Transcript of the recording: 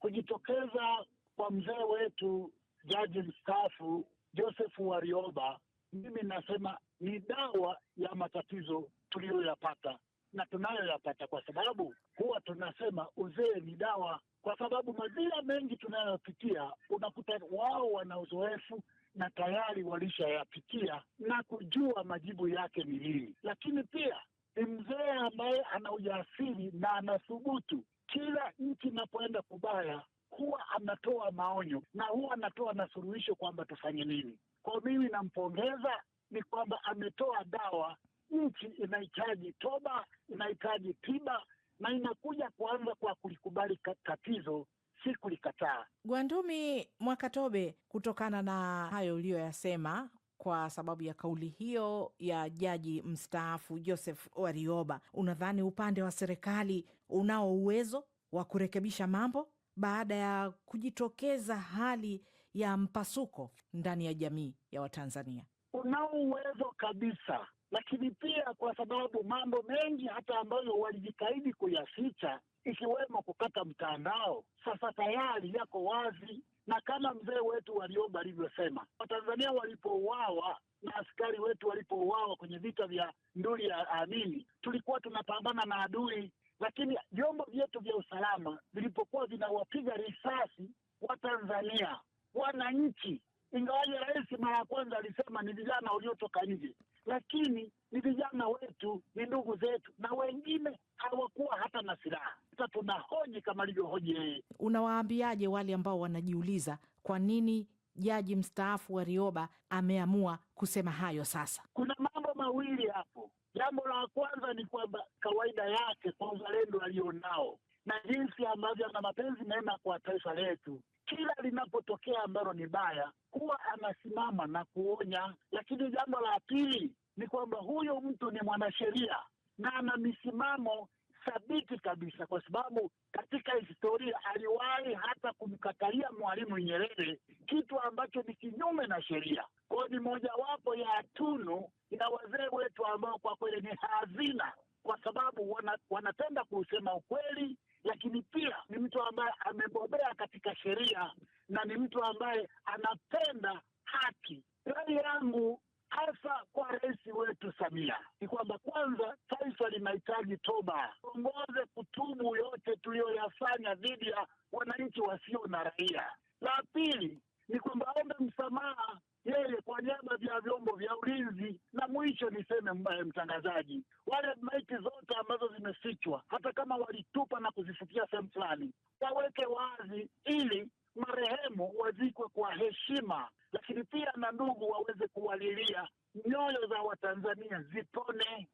kujitokeza kwa mzee wetu jaji mstaafu Joseph Warioba, mimi nasema ni dawa ya matatizo tuliyoyapata na tunayoyapata, kwa sababu huwa tunasema uzee ni dawa, kwa sababu madhila mengi tunayopitia unakuta wao wana uzoefu na tayari walishayapitia na kujua majibu yake ni nini, lakini pia ambaye ana ujasiri na anathubutu. Kila nchi inapoenda kubaya, huwa anatoa maonyo na huwa anatoa na suluhisho kwamba tufanye nini. Kwa mimi nampongeza ni kwamba ametoa dawa. Nchi inahitaji toba, inahitaji tiba na inakuja kuanza kwa kulikubali tatizo, si kulikataa. Gwandumi Mwakatobe, kutokana na hayo uliyoyasema kwa sababu ya kauli hiyo ya jaji mstaafu Joseph Warioba. Unadhani upande wa serikali unao uwezo wa kurekebisha mambo baada ya kujitokeza hali ya mpasuko ndani ya jamii ya Watanzania? Unao uwezo kabisa, lakini pia kwa sababu mambo mengi hata ambayo walijitahidi kuyaficha, ikiwemo kukata mtandao, sasa tayari yako wazi na kama mzee wetu walioba alivyosema, Watanzania walipouawa na askari wetu walipouawa kwenye vita vya nduli ya Amini, tulikuwa tunapambana na adui, lakini vyombo vyetu vya usalama vilipokuwa vinawapiga risasi Watanzania wananchi, ingawaje rais mara ya kwanza alisema ni vijana waliotoka nje, lakini ni vijana wetu, ni ndugu zetu, na wengine hawakuwa hata na silaha hata tunahoji kama alivyohoji. yeye Unawaambiaje wale ambao wanajiuliza kwa nini jaji mstaafu wa rioba ameamua kusema hayo? Sasa kuna mambo mawili hapo. Jambo la kwanza ni kwamba kawaida yake kwa uzalendo alionao na jinsi ambavyo ana mapenzi mema kwa taifa letu, kila linapotokea ambalo ni baya huwa anasimama na kuonya. Lakini jambo la pili ni kwamba huyo mtu ni mwanasheria na ana misimamo thabiti kabisa, kwa sababu katika historia aliwahi hata kumkatalia Mwalimu Nyerere kitu ambacho ni kinyume na sheria. Kwao ni mojawapo ya tunu ya wazee wetu ambao kwa kweli ni hazina, kwa sababu wana, wanapenda kusema ukweli, lakini pia ni mtu ambaye amebobea katika sheria na ni mtu ambaye anapenda haki. Rai yangu hasa kwa rais wetu Samia ni kwamba kwanza, taifa linahitaji toba, tuongoze kutubu yote tuliyoyafanya dhidi ya wananchi wasio na raia. La pili ni kwamba aombe msamaha yeye kwa niaba vya vyombo vya ulinzi. Na mwisho niseme, mtangazaji, wale maiti zote ambazo zimefichwa, hata kama walitupa na kuzifukia sehemu fulani, waweke wazi ili marehemu wazikwe kwa heshima, lakini pia na ndugu waweze kuwalilia, nyoyo za Watanzania zipone.